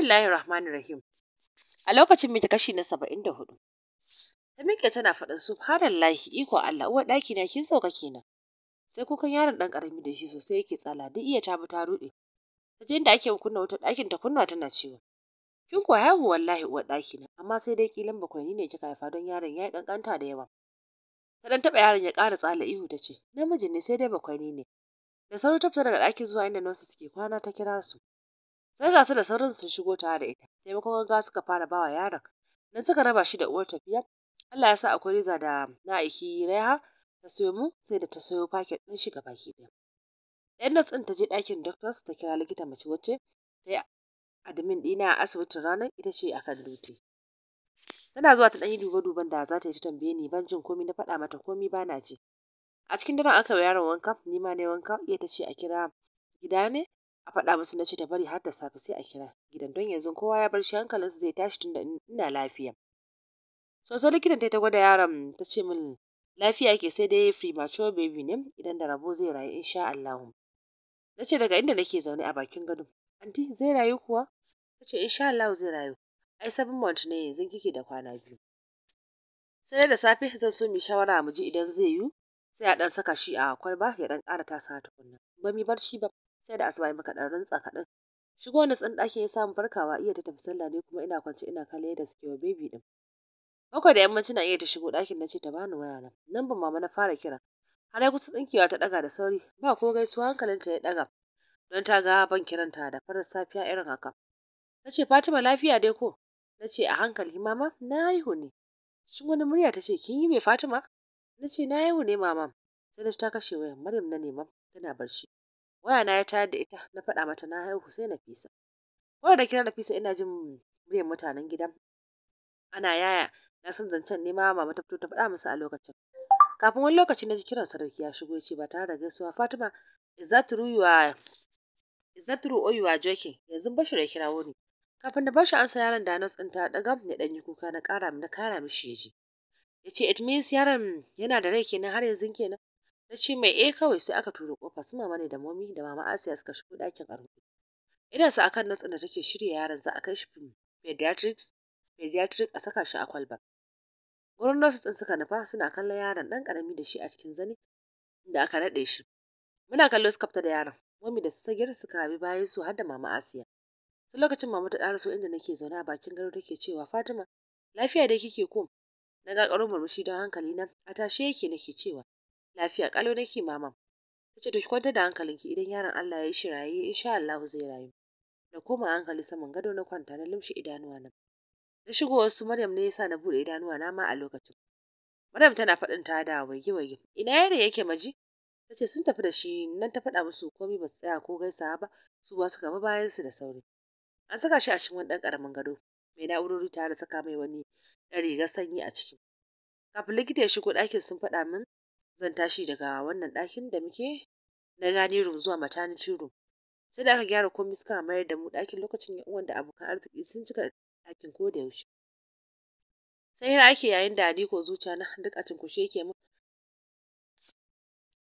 Bismillahir Rahmanir Rahim. A lokacin miki kashi na saba'in da hudu. Ta miƙe tana faɗin subhanallahi iko Allah uwar ɗaki na kin sauka kenan. Sai kukan yaron ɗan ƙarami da shi sosai yake tsala duk iya ta bi ta ruɗe. Ta je inda ake kunna wutar ɗakin ta kunna tana cewa. Kin kuwa haihu wallahi uwar ɗaki na amma sai dai ƙilan bakwai ni ne kika haifa don yaron ya yi ƙanƙanta da yawa. Ta ɗan taɓa yaron ya ƙara tsala ihu ta ce namiji ne sai dai bakwai ne. Da sauri ta fita daga ɗakin zuwa inda nonsu suke kwana ta kira su. sai ga su da sauran sun shigo tare da ita taimakon gaggawa suka fara bawa yaron nan suka raba shi da uwar tafiya Allah ya sa akwai riza da na aiki Raiha ta sayo mu sai da ta sayo paket din shi baki ɗaya ɗayan nas ta je ɗakin doctors ta kira likita mace wacce ta yi admin ɗina a asibitin ranar ita ce akan duty tana zuwa ta ɗan yi duba-duban da za ta yi ta tambaye ni ban jin komi na faɗa mata komi ba na ji a cikin daren aka wa yaron wanka ni ma na wanka iya ta ce a kira gida ne a faɗa musu na ce ta bari har da safe sai a kira gidan don yanzu kowa ya bar shi hankalinsa zai tashi tun da ina lafiya sosai likitan ta ta gwada yaron ta ce min lafiya ke sai dai premature baby ne idan da rabo zai rayu insha Allah na ce daga inda nake zaune a bakin gado anti zai rayu kuwa ta ce insha Allah zai rayu ai sabon month ne yanzu kike da kwana biyu sai da safe zan so mu shawara mu ji idan zai yiwu sai a ɗan saka shi a kwalba ya dan ƙara tasa tukunna ba mi barci ba sai da asuba maka dan rantsa kaɗan shigo na tsan ɗakin ya samu farkawa iya ta tafi sallah ne kuma ina kwance ina kalle yadda suke wa baby din bakwai da yammaci na iya ta shigo ɗakin na ce ta bani waya na nan ban mama na fara kira har ya kusa tsinkewa ta ɗaga da sauri ba ko gaisuwa ta ya ɗaga don ta ga ban kiranta da farar safiya irin haka ta ce fatima lafiya dai ko na ce a hankali mama na haihu ne Shin wani murya ta ce kin yi mai fatima na ce na haihu ne mama sai ta kashe wayan maryam na nema tana barci wayana ya tayar da ita na faɗa mata na haihu sai na fisa. ko da kira na fisa ina jin muryar mutanen gidan ana yaya na san zancen ne ma mama ta fito ta faɗa musu a lokacin kafin wani lokaci na ji kiran sarauki ya shigo ya ce ba tare da gaisuwa Fatima is that true you are is or you are joking yanzu Bashir ya kirawo ni kafin da Bashir ansa yaron da nas din ta daga ya dan yi kuka na kara na kara mishi yaji yace it means yaron yana da rai kenan har yanzu kenan ta ce mai eh kawai sai aka turo kofa su mama ne da momi da mama asiya suka shigo dakin a rubuce idan sa akan nutsin da take shirya yaran za a kai shi pediatrics pediatric a saka shi a kwalba gurin nasu ɗin suka nufa suna kallon yaron dan karami da shi a cikin zani da aka nade shi muna kallo suka fita da yaron momi da su sagir suka bi bayan su har da mama asiya su lokacin mama ta so inda nake zaune a bakin gado take cewa fatima lafiya dai kike ko na ga ƙarin murmushi don hankali na a tashe yake nake cewa Lafiya ƙalau nake mama. Ta ce to ki kwantar da hankalinki idan yaron Allah ya yi shi raye insha Allahu zai rayu. Na koma hankali saman gado na kwanta na lumshe idanuwa na. Na shigo wasu Maryam ne yasa na bude idanuwa na ma a lokacin. Maryam tana faɗin ta da waige waige. Ina yare yake maji? tace sun tafi da shi nan ta faɗa musu komai ba su tsaya ko gaisawa ba su ba su gama bayan su da sauri. An saka shi a cikin wani ɗan ƙaramin gado mai na'urori tare da saka mai wani ɗan rigar sanyi a ciki. Kafin likita ya shigo ɗakin sun faɗa min zan tashi daga wannan ɗakin da muke na gani room zuwa maternity room sai da aka gyara komai suka mayar da mu ɗakin lokacin yan uwan da abokan arziki sun cika ɗakin ko da yaushe sai hira ake yayin da ko zuciya na duk a cinkushe yake min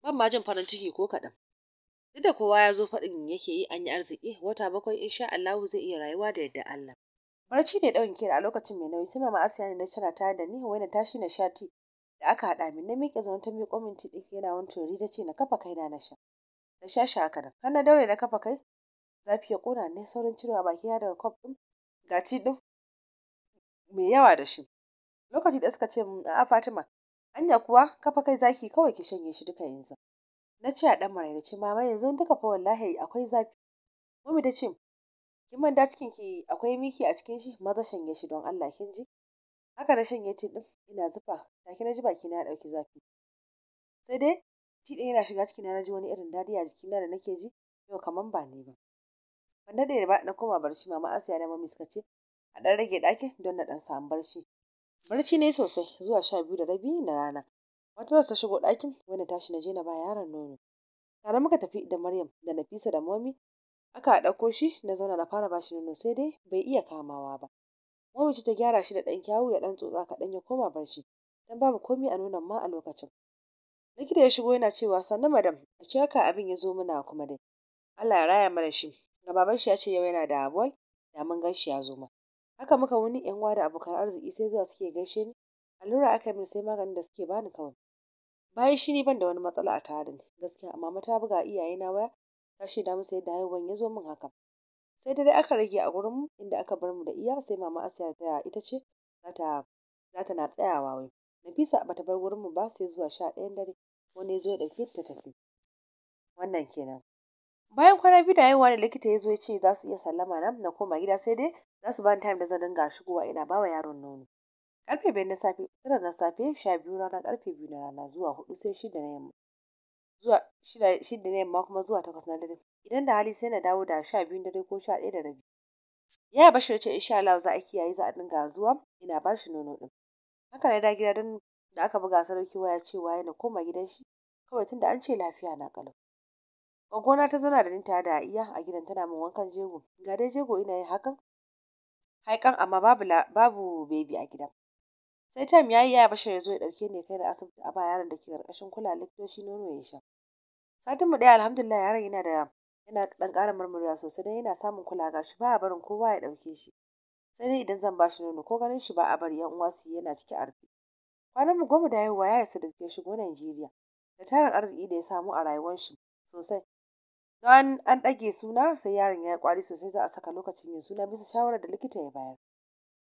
ban ma jin farin ciki ko kaɗan duk da kowa ya zo faɗin yake yi an yi arziki wata bakwai in insha Allahu zai iya rayuwa da yadda Allah barci ne ɗaukin kira a lokacin mai nauyi sai mama Asiya ne na cira ta da ni wai na tashi na sha da aka haɗa min na miƙe zaune ta miƙo min tiɗi yana wani tururi ta ce na kafa kai na sha na sha shi haka nan har na daure na kafa kai zafi ya ƙona ne saurin cirewa baki ya daga kwaf ɗin gaci ɗin mai yawa da shi lokaci da suka ce min a Fatima anya kuwa kafa kai zaki kawai ki shanye shi duka yanzu na ce a ɗan maraina ce mama yanzu duka fa wallahi akwai zafi mami ta ce kin manta cikin ki akwai miki a cikin shi maza shanye shi don Allah kin ji haka na ya ce ɗin, ina zufa take na ji baki na ya dauki zafi sai dai ti din yana shiga cikina na ji wani irin dadi a jikina da nake ji yau kaman ba ni ba ban daɗe ba na koma barci mama asiya na mami suka ce a ɗan rage ɗakin don na ɗan samu barci barci ne sosai zuwa sha biyu da rabi na rana wata ta shigo ɗakin wani tashi na je na ba yaron nono tare muka tafi da maryam da nafisa da mami aka ɗauko shi na zauna na fara bashi nono sai dai bai iya kamawa ba mawuci ta gyara shi da ɗan kyawu ya ɗan tsotsa kaɗan ya koma barci don babu komai a nonon ma a lokacin. Likita ya shigo yana cewa sannu madam, ashe haka abin ya zo mana kuma dai. Allah ya raya mana shi. Ga baban shi ya ce yau yana da abuwal da mun gan shi ya zo ma. Haka muka wuni yan da abokan arziki sai zuwa suke gaishe ni. Allura aka min sai maganin da suke bani kawai. Bayan shi ni ban da wani matsala a tare gaskiya amma ta buga iyayena waya ta shaida musu yadda haihuwan ya zo min haka. sai dai aka rage a gurin inda aka bar mu da iya sai mama asiya ta ita ce za ta na tsayawa wai nafisa bata bar gurin mu ba sai zuwa sha ɗayan dare wani ya zo ya ɗauke ta tafi wannan kenan bayan kwana biyu da haihuwa da likita ya zo ya ce za su iya sallama na na koma gida sai dai za su bani time da zan dinga shigowa ina ba wa yaron nono karfe biyar na safe tara na safe sha biyu rana karfe biyu na rana zuwa hudu sai shida na yamma zuwa shida shida na yamma kuma zuwa takwas na dare idan da hali sai na dawo da sha biyun dare ko sha ɗaya da rabi yaya bashir ce insha Allah za a kiyaye za a dinga zuwa ina ba shi nono din haka na da gida don da aka buga sarauki waya cewa yana koma gidan shi kawai tunda an ce lafiya na kalau gwaggona ta zauna da ni tare da iya a gidan tana min wankan jego ga dai jego ina yin hakan haikan amma babu babu a gidan sai tam yayi yaya bashir ya zo ya dauke ni kai da asibiti a ba yaron da ke karkashin kula likitoci nono ya sha satin mu ɗaya alhamdulillah yaron yana da yana ɗan ƙara murmurewa sosai dan yana samun kula shi ba a barin kowa ya dauke shi sai dai idan zan bashi nono ko ganin shi ba a bari yan uwa su yana ciki a rufe kwanan mu goma da haihuwa ya isa dauke shigo Najeriya da tarin arziki da ya samu a rayuwar shi sosai don an dage suna sai yaron ya kwari sosai za a saka lokacin yin suna bisa shawarar da likita ya bayar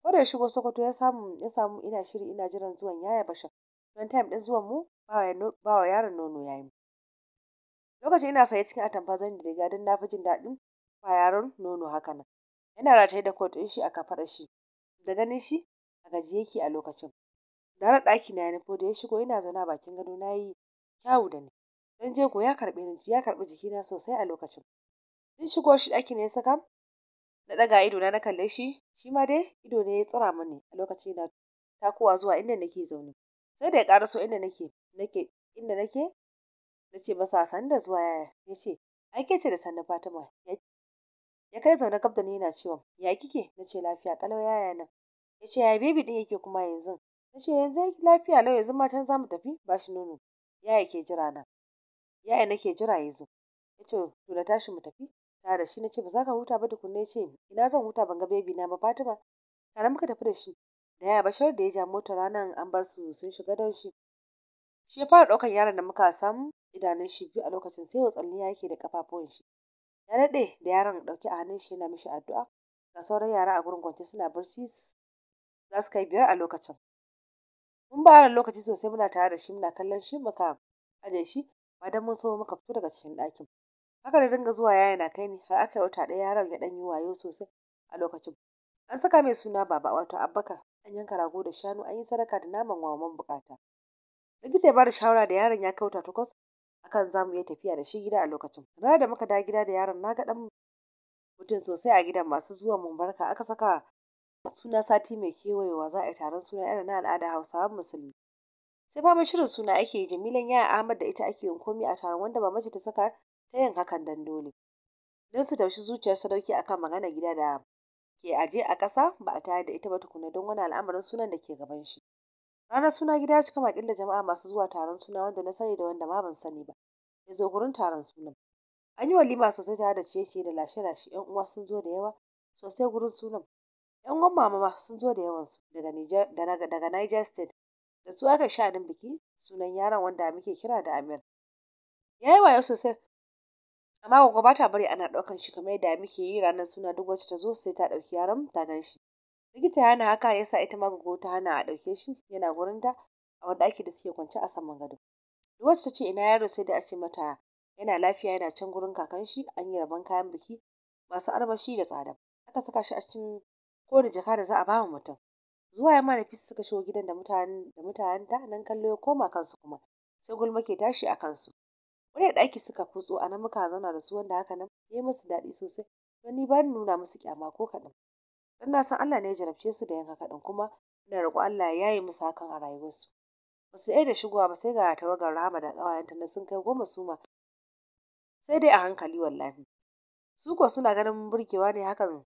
ko da shigo Sokoto ya samu ya samu ina shiri ina jiran zuwan yaya Bashar don time din zuwan mu ba wa yaron nono yayi lokacin ina saye cikin atamfa zan da riga don na fi jin daɗin kwayaron nono haka nan yana rataye da kot ɗin shi a kafaɗar shi da ganin shi a gaji yake a lokacin da na ɗaki na nufo da ya shigo ina zaune a bakin gado na yi kyawu da ni dan jego ya karɓe ni ya karɓi jikina sosai a lokacin in shigo shi ɗaki ne ya saka na ɗaga ido na na kalle shi shi ma dai ido ne ya tsira mini a lokacin na takowa zuwa inda nake zaune sai da ya ƙaraso inda nake nake inda nake na ce masa san da zuwa yaya ya ce ke ce da sannu fatima ya kai zaune gab da ni yana ciwon ya kike na ce lafiya kalau yaya nan ya ce yaya bebi din yake kuma yanzu na ce yanzu lafiya lau yanzu matan za mu tafi ba shi nono yaya ke jira na yaya nake jira ya ya ce to na tashi mu tafi ta da shi na ce ba za ka huta ba tukunna ya ce ina zan huta ban ga bebi na ba fatima tare muka tafi da shi da yaya bashar da ya ja mota ranar an bar su sun shiga don shi shi ya fara ɗaukan yaron da muka samu idanun shi biyu a lokacin sai watsalliya yake da kafafuwan shi ya daɗe da yaron ɗauke a hannun shi yana mishi addu'a ga sauran yara a gurin kwance suna barci za su kai biyar a lokacin mun ba lokaci sosai muna tare da shi muna kallon shi muka aje shi ba dan mun so muka fito daga cikin ɗakin haka da dinga zuwa yaya na kai ne, har aka yi wata ɗaya yaron ya ɗan yi wayo sosai a lokacin an saka mai suna baba wato abbakar an yanka rago da shanu an yi sadaka da naman wa man bukata likita ya da shawara da yaron ya kauta takwas akan za mu iya tafiya da shi gida a lokacin ranar da muka dawo gida da yaron na ga ɗan mutum sosai a gidan masu zuwa mun barka aka saka suna sati mai kewayewa za a yi taron suna irin na al'ada Hausawa musulmi sai fama shirin suna ake yi jamilan yaya ahmad da ita ake yin komi a taron wanda ba mace ta saka ta yin hakan dan dole don su taushi zuciyar sadauki a kan magana gida da ke aje a ƙasa ba a tayar da ita ba tukuna don wani al'amarin sunan da ke gaban shi Ranar suna gida ya cika makil da jama'a masu zuwa taron suna wanda na sani da wanda ma ban sani ba. Ya zo gurin taron sunan. An yi walima sosai tare da ciye-ciye da lashe-lashe. ‘Yan uwa sun zo da yawa sosai gurin sunan. ‘Yan uwan mama ma sun zo da yawansu daga Niger, daga Niger State. Da su aka sha'anin biki sunan yaron wanda muke kira da Amir. Ya yi wayo sosai amma gwagwa ba ta bari ana ɗaukan shi kamar yadda muke yi ranar suna duk wacce ta zo sai ta ɗauki yaron ta gan shi. likita ya hana haka yasa ita ma ta hana a ɗauke shi yana gurin ta a wanda ake da suke kwance a saman gado wacce ta ce ina yaro sai da a ce mata yana lafiya yana can gurin kakan shi an yi rabon kayan biki masu armashi da tsada aka saka shi a cikin ko jaka da za a ba mutum zuwa yamma da suka shigo gidan da mutanen da mutanen ta nan kallo ya koma kansu kuma sai gulma ke tashi a kansu wani ɗaki suka kutso a nan muka zauna da su wanda haka nan ya musu daɗi sosai don ni ba nuna musu kyama ko kaɗan dan na san Allah ne ya jarabce su da yin haka din kuma ina roƙo Allah ya yi musu hakan a rayuwarsu ba su da shigowa ba sai ga tawagar rahama da ƙawayenta na sun kai goma suma sai dai a hankali wallahi su ko suna ganin burgewa ne hakan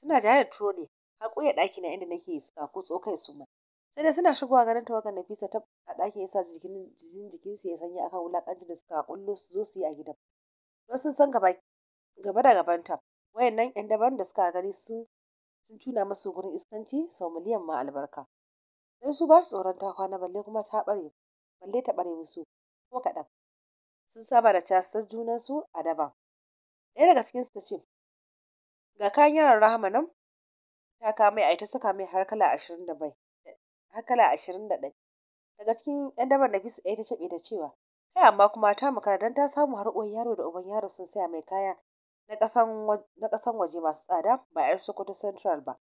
suna jaya da turo ne har ƙuya ɗaki na inda nake suka kutso kai su ma sai dai suna shigowa ganin tawagar Nafisa ta a ɗakin yasa jikin jikinsu ya sanya akan wulaƙanci da suka kullo su zo su yi a gidan don sun san gaba da gabanta wayannan yan daban da suka gani sun sun cuna masu gurin iskanci sau miliyan ma albarka sai su ba su tsoron ta kwana balle kuma ta bare balle ta bare musu ko kaɗan sun saba da casar junansu a daban ɗaya daga cikinsu ta ce ga kayan yaran rahama nan ta kama ai ta saka mai har kala ashirin da bai har kala ashirin da ɗai daga cikin ɗan daban da bisa ɗaya ta ce da cewa kai amma kuma ta makara don ta samu har uwan yaro da uban yaro sun saya mai kaya na ƙasan waje masu tsada ba 'yar Sokoto Central ba.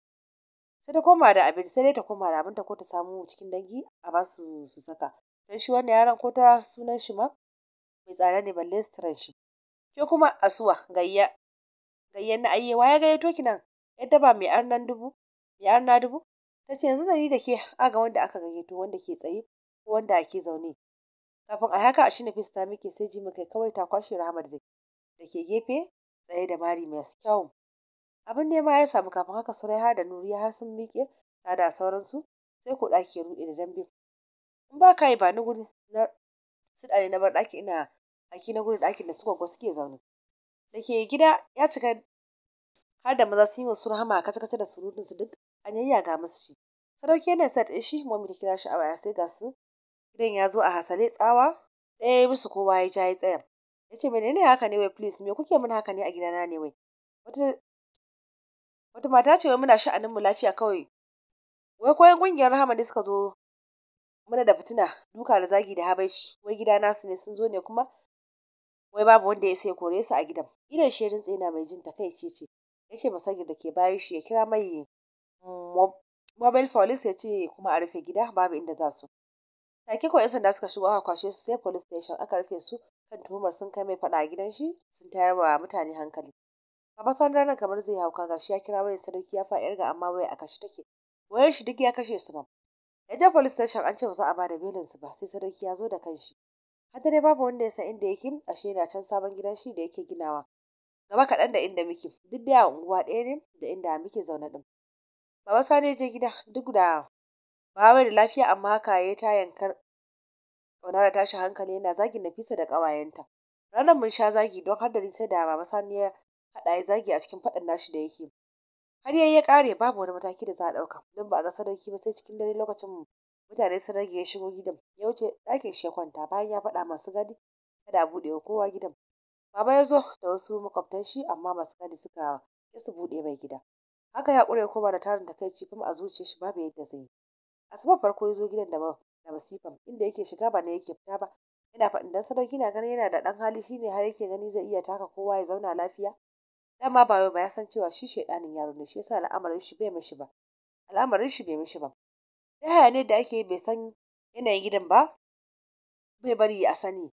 Sai ta koma da abin sai dai ta koma da abin ta ko ta samu cikin dangi a ba su su saka. Don shi wannan yaran ko ta sunan shi ma mai tsada ne balle sitiran shi. Ke kuma asuwa gayya gayyan na ayyewa ya gayyato ki nan yadda ba mai arnan dubu mai arna dubu ta ce yanzu ni da ke aga wanda aka gayyato wanda ke tsaye ko wanda ke zaune kafin a haka shi na fista miki sai ji kai kawai ta kwashe rahama da ke gefe tsaye da mari masu kyau abin nema ya samu kafin haka suraiha da nuriya har sun miƙe ta da sauransu sai ko ɗaki ya ruɗe da dambe in ba ka yi ba ni guri na suɗa ne na bar ɗaki ina aki na guri ɗakin da suka suke zaune da ke gida ya cika har da maza sun yi su rahama kace kace da surutun su duk an ga musu shi sarauke yana sa ta shi mami ta kira shi a waya sai ga su gidan ya zo a hasale tsawa ɗaya ya musu kowa ya ja ya tsaya ya ce menene haka ne wai please me kuke mun haka ne a gidana ne wai wata mata ce wai muna sha'aninmu lafiya kawai wai koyan kungiyar rahama ne suka zo mana da fitina duka da zagi da habaici wai gida nasu ne sun zo ne kuma wai babu wanda ya sai kore su a gidan idan shi rintse yana mai jin takaici ce ya ce masagir da ke bayan shi ya kira mai mm, mobile police ya ce kuma a rufe gida babu inda za su take ko 'yan sanda suka shigo aka kwashe su sai police station aka rufe su kan tuhumar sun kai mai faɗa a gidan shi sun tayar wa mutane hankali a Sandra nan kamar zai hauka gashi ya kira wayar sadauki ya faɗi ga amma waya a kashe take. Wayar shi duk ya kashe su mam. Ya je police station an ce ba za a bada belin su ba sai sadauki ya zo da kanshi. Har dare babu wanda ya san inda yake ashe yana can sabon gidan shi da yake ginawa. Gaba kaɗan da inda muke duk da unguwa ɗaya ne da inda muke zaune ɗin. Baba Sani ya je gida duk da ba da lafiya amma haka ya ta yankar Wana da tashi hankali yana zagin Nafisa da kawayenta. Ranar mun sha zagi don har da sai da Baba Sani ya haɗa ya zagi a cikin faɗan nashi da yake. Har yayi ya kare babu wani mataki da za a ɗauka don ba a ga sadauki ba sai cikin dare lokacin mutane sun rage ya shigo gidan ya wuce dakin shi ya kwanta bayan ya faɗa masu gadi kada a buɗe kowa gidan. Baba ya zo da wasu makwabtan shi amma masu gadi suka ƙi su buɗe mai gida. Haka ya ƙure koma da tarin takaici kuma a zuciyar shi babu yadda zai yi. Asuba farko ya zo gidan da da masifan inda yake shiga ba na yake fita ba yana faɗin dan sadauki na ganin yana da ɗan hali shine har yake gani zai iya taka kowa ya zauna lafiya dama ba ba ya san cewa shi shaidanin yaro ne shi yasa al'amarin shi bai mishi ba al'amarin shi bai mishi ba da ne da ake bai san yanayin gidan ba bai bari a sani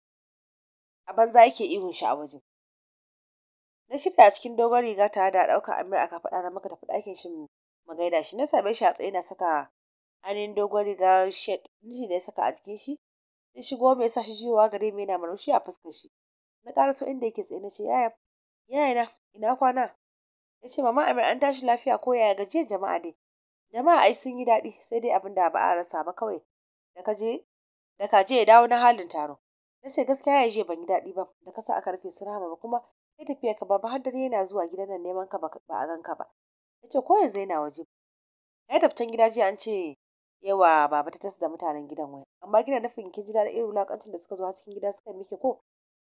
a banza yake ihun shi a waje na shirya a cikin dogon riga tare da ɗaukar amir aka faɗa na maka tafi ɗakin shi gaida. shi na same shi a tsaye na saka ainihin dogon riga shed shi da ya saka a jikin shi ya shigo mai sa shi jiyowa gare mu yana murmushi a fuskar shi na so inda yake tsaye na ce yaya yaya na ina kwana ya ce mama amir an tashi lafiya ko yaya gajiyar jama'a dai jama'a ai sun yi daɗi sai dai abin da ba a rasa ba kawai da ka je da ka je ya dawo na halin taro na ce gaskiya ya je ban yi daɗi ba da ka sa aka rufe su rama ba kuma ya tafiya ka ba har dare yana zuwa gidan nan neman ka ba a gan ka ba ya ce ko yanzu yana waje ya daftan gida jiya an ce yawa baba ta tasa da mutanen gidan wai amma kina nufin kin ji da irin wulakancin da suka zo cikin gida suka miki ko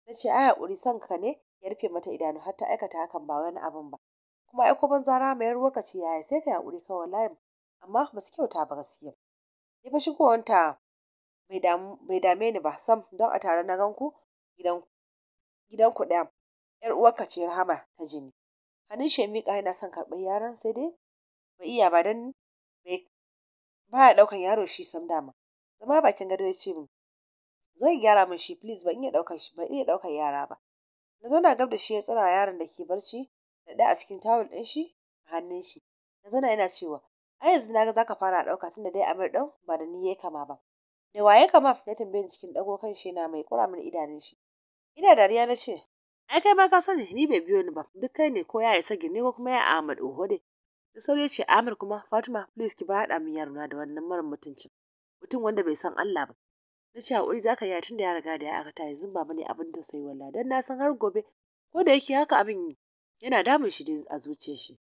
ta ce a hakuri son ka ne ya rufe mata idanu har ta aikata hakan ba wani abin ba kuma ai ko mai yar lokaci yaya sai ka hakuri kawai wallahi amma ba su kyauta ba gaskiya ni fa shigowanta bai dame ni ba sam don a tare na ganku gidan gidan ku ɗaya yar uwarka ce rahama ta jini hannun shemika yana son karɓar yaran sai dai ba iya ba dan baya ya ɗaukan yaro shi sam dama zama bakin gado ya ce min zo ki gyara min shi please ban iya ɗaukan shi ban iya ɗaukan yara ba na zauna gab da shi ya tsira yaron da ke barci da a cikin tawul ɗin shi a hannun shi na zauna yana cewa a yanzu na ga zaka fara ɗauka da dai amir ɗin ba da ni ya kama ba da waye kama ya tambaye ni cikin ɗago kan shi na mai kura min idanun shi ina dariya na ce ai kai ma ka sani ni bai biyo ni ba duk kai ne ko ya isa gini ko kuma ya Ahmad hode Da sauri ce Amir kuma Fatima please ki ba haɗa min yarona da wannan mara mutuncin mutum wanda bai san Allah ba. Na ce hakuri zaka yi tun da ya riga da ya aikata yanzu ba bane abin sai walla dan na san har gobe ko da yake haka abin yana damun shi dai a zuciyar shi.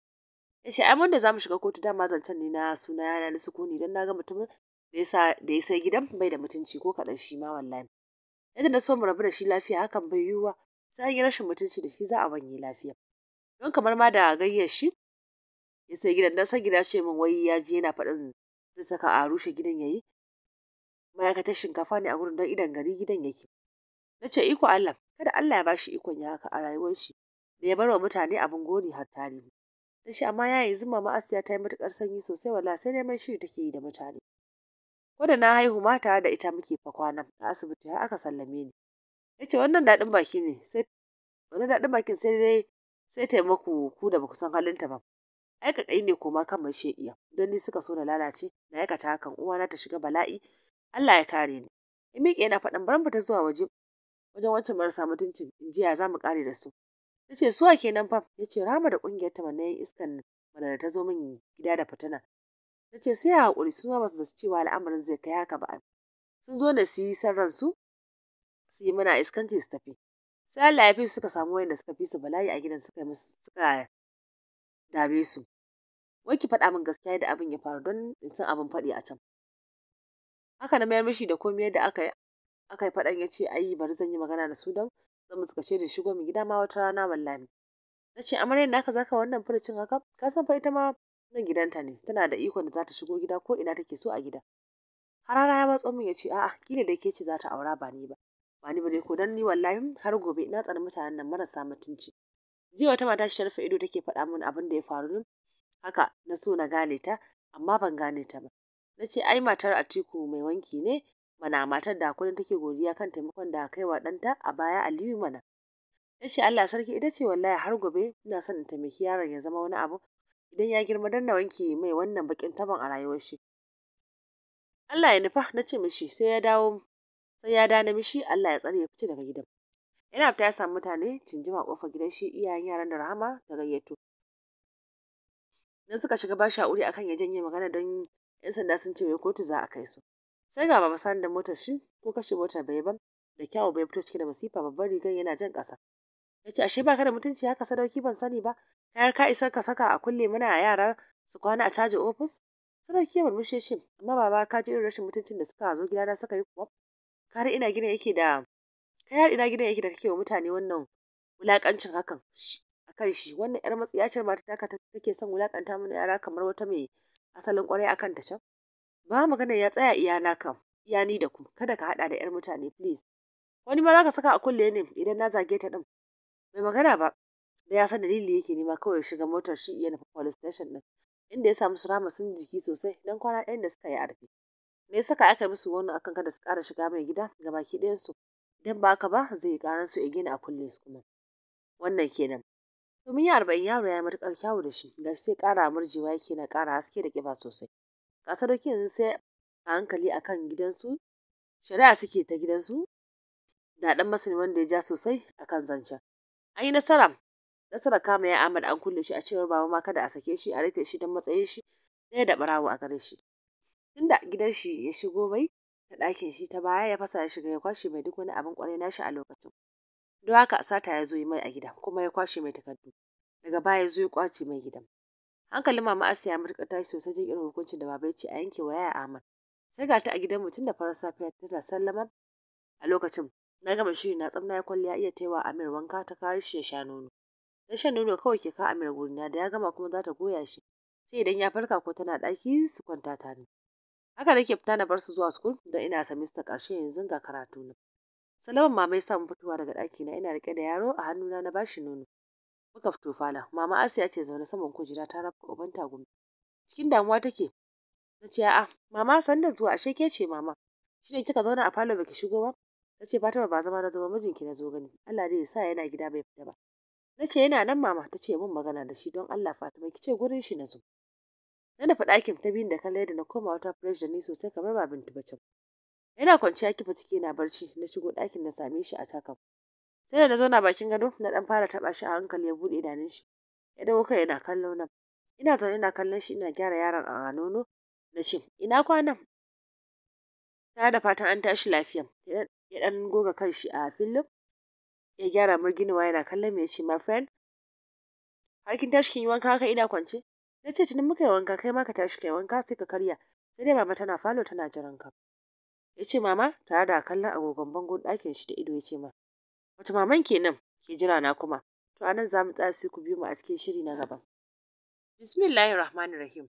Ya ce ai wanda zamu mu shiga kotu dama zancen ne na suna yana na sukuni dan na ga mutumin da ya da ya sai gidan bai da mutunci ko kadan shi ma wallahi. Yadda na so mu rabu da shi lafiya hakan bai yiwuwa sai an yi rashin mutunci da shi za a wanye lafiya. Don kamar ma da gayyar shi ya sai gidan dan san gida ce min wai ya je yana faɗin zai saka a rushe gidan yayi ma'aikatar shinkafa ne a gurin don idan gari gidan yake na ce iko Allah kada Allah ya bashi ikon ya haka a rayuwar shi da ya barwa mutane abin gori har tarihi na shi amma yayi zuma ma Asiya ta yi matukar sanyi sosai wala sai neman shiri take yi da mutane ko da na haihu mata da ita muke fa kwana a asibiti har aka sallame ni ya ce wannan daɗin baki ne sai wannan daɗin bakin sai dai sai taimako ku da ba ku san halinta ba ai ka ne koma kan iya. don ni suka so na lalace na aikata hakan na ta shiga bala'i Allah ya kare ni in miƙe yana faɗan bar mu ta zuwa waje wajen wancan marasa mutuncin in jiya za mu kare da su ta ce suwa kenan fa ya ce rama da ƙungiyar ta manayin iskan mana da ta zo min gida da fitina ta ce sai a haƙuri su ma ba su da cewa al'amarin zai kai haka ba sun zo da su yi sarran su su yi mana iskanci su tafi sai Allah ya fi suka samu wayanda suka fi su bala'i a gidan suka suka dame su wai ki faɗa min gaskiya da abin ya faru don in san abin faɗi a can haka na mayar mishi da komai yadda aka yi aka faɗan ya ce yi bari zan yi magana da su don zan ce da shigo min gida ma wata rana wallahi na ce amaryar da aka zaka wannan furucin haka ka san fa ita ma nan gidanta ne tana da ikon da za ta shigo gida ko ina take so a gida harara ya matso min ya ce a'a kila da ke ce za ta aura ba ni ba ba ni ba dai ko dan ni wallahi har gobe ina tsare mutanen nan marasa mutunci jiya wata mata ta rufe ido take faɗa min abin da ya faru haka na so na gane ta amma ban gane ta ba na ce ai matar Atiku mai wanki ne mana matar da kullum take godiya kan taimakon da kai wa ɗanta a baya Aliyu mana ya ce Allah sarki ita ce wallahi har gobe ina son in taimaki yaron ya zama wani abu idan ya girma dan na wanki mai wannan bakin taban a rayuwar shi Allah ya nufa na ce mishi sai ya dawo sai ya dana mishi Allah ya tsare ya fice daga gidan yana fita ya samu mutane cinjima kofar gidan shi iyayen yaran da rahama ta gayyato Idan suka shiga ba shawari akan ya janye magana don 'yan sanda sun ce wai kotu za a kai su. Sai ga ba Sani da motar shi ko kashe motar bai ban da kyawu bai fito cike da masifa babban rigar yana jan ƙasa. Ya ce ashe ka da mutunci haka sadauki ban sani ba kayar ka isar ka saka a kulle mana yara su kwana a caji ofis. Sadauki ya murmushe shi amma baba ka ji irin rashin mutuncin da suka zo gidana suka yi kuwa. Kare ina gidan yake da ka har ina gidan yake da kake wa mutane wannan wulakancin hakan akan shi wannan yar matsiyaciyar mata taka take son wulakanta mana yara kamar wata mai asalin kwarai akan ta can ba magana ya tsaya iya na iya ni da ku kada ka hada da yar mutane please wani ma zaka saka a kulle ne idan na zage ta din bai magana ba da ya san dalili yake ma kawai shiga motar shi iya nufa police station din inda ya samu surama sun jiki sosai dan kwana ɗayan da suka yi arfi me ya saka aka musu wannan akan kada su ƙara shiga mai gida ga baki ɗayan su idan ba haka ba zai karan su gina a kulle su kuma wannan kenan mun ya arba'in yaro ya yi matuƙar kyawu da shi, da shi sai ƙara murjewa yake na ƙara haske da ƙiba sosai. Ga sadauki yanzu sai a hankali a kan gidansu, shari'a suke ta gidansu, da ɗan masani wanda ya ja sosai a kan zancen. An yi nasara, nasara kama ya Ahmad an kulle shi a cewar baba ma kada a sake shi a rufe shi don matsayin shi ɗaya da ɓarawo a gare shi. Tunda gidan shi ya shigo bai ta ɗakin shi ta baya ya fasa ya shiga ya kwashe mai duk wani abin kwarai nashi a lokacin. Don haka sata ya zo yi mai a gida, kuma ya kwashe mai takardu. Daga baya ya zo ya kwace mai gidan. Hankalin Mama Asiya ya matuƙar tashi sosai jin irin hukuncin da Baba ya ce a yanke wa yaya Sai ga ta a gidan mutum da farar safiya tana sallama a lokacin na gama shiri na tsamna ya kwalliya iya taiwa Amir wanka ta kawo shi ya sha nono. Na shan nono kawai ke kawo Amir na da ya gama kuma za ta goya shi. Sai idan ya farka ko tana ɗaki su kwanta tare. Haka nake fita na bar su zuwa sukul don ina mista ƙarshe yanzu ga karatu na. Salaman mama ya samu fitowa daga ɗakina ina riƙe da yaro a hannuna na bashi nono. Muka fito fala. Mama Asiya ce zaune saman kujera ta rafa uban tagumi. Cikin damuwa take. Na ce a'a mama san zuwa ashe ke ce mama. Shin kika zauna a falo baki shigo ba? Ta ce Fatima ba zama na zo ba mijinki na zo gani. Allah dai ya sa yana gida bai fita ba. Na ce yana nan mama ta ce mun magana da shi don Allah Fatima ki ce gurin shi na zo. Na nufi ɗakin ta biyun da kalle da na koma wata fresh da ni sosai kamar ba Bintu ba can. Ina kwanciya kifa ciki na barci, na shigo ɗakin na same shi a takan. Sai da na zauna bakin gado na ɗan fara taɓa shi a hankali ya buɗe idanun shi. Ya dago kai yana kallo na. Ina zaune ina kallon shi ina gyara yaron a nono na ce ina kwana Ta da fatan an tashi lafiya. Ya ɗan goga kan shi a filin ya gyara murginuwa yana kallon me ya ce my friend har kin tashi kin yi wanka haka ina kwance na ce tuni muka yi wanka kai ma ka tashi kai wanka sai ka karya sai dai mama tana falo tana jiran ka ya ce mama tare da kallon agogon bangon ɗakin shi da ido ya ce ma wata maman kenan ke jira na kuma to anan za mu tsaya sai ku biyo mu a cikin shiri na gaba bismillahir rahmanir rahim